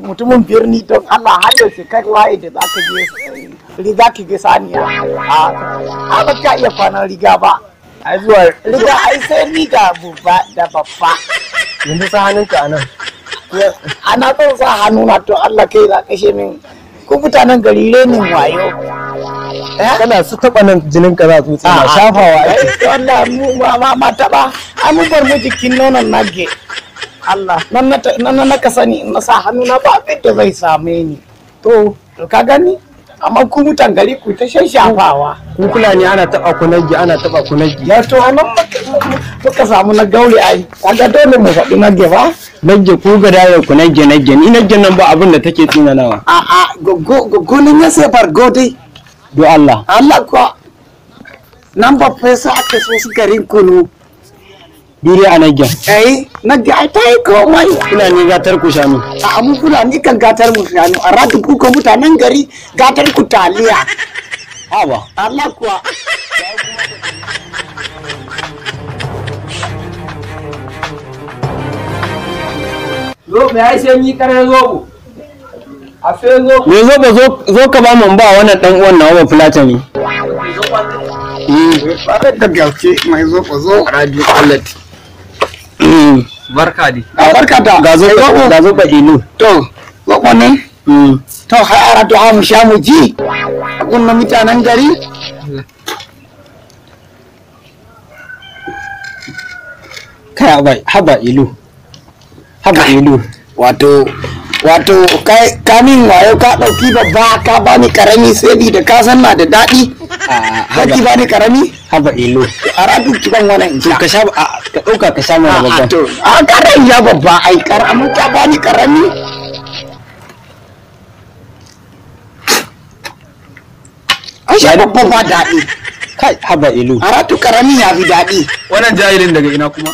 mutumin birni don Allah har yau kai waye da zaka je eh, riga ki ga saniya a ba ka iya kwanan riga ba ai zuwa riga ai sai ni ga babba da babba yanzu sa ka anan ana son sa hannu na to Allah kai za kashe min ku mutanen gari renin wayo eh? kana su taba nan jinin ka za su tsina shafawa ake wallahi eh, mu ma ma taba an mu bar mu jikin nonon nage Allah nan na ka sani na sa hannu na ba abin da zai same ni to ka gani amma ku mutan gari ku ta shafawa ku kula ne ana taba ku naggi ana taba ku naggi ya to anan muka samu na gauri ai kaga dole mu faɗi na nagge ba nagge ku ga dawo ku nagge nagge ni nagge nan ba abin da take nawa a a go go gonin ya sai far go dai do Allah Allah ko nan ba fesa ake so su garin kunu dure a nagya eh nagya ai ta yi komai kuna ne gatar ku shanu a mu kuna ni kan gatar mu shanu a ratu ku ko mutanen gari gatar ku taliya haba Allah kuwa ai ya yi kare zo zobo. A fe zo. Me ba zo ka ba mun ba wannan dan uwan nawa fulata ne. Ba ta gaske eh. mai zobo zo a radio quality. barka di a ah, barka da ga zo ga zo ba inu to ko ne to har ara to ha mu sha mu ji kunna mutanen gari kai abai haba ilu haba ilu wato wato kai kamin wayo ka dauki babba ka bani karami sai da ka san na da daɗi Haji ba ni karami? Haba ilo. A ratun kiban wannan in ka ka dauka ka sha mana babban. A karan ya babba ai karamin ka ba karami. An sha babban ba daɗi. Kai haba ilo. A ratun karami ya fi daɗi. Wannan jahilin daga ina kuma?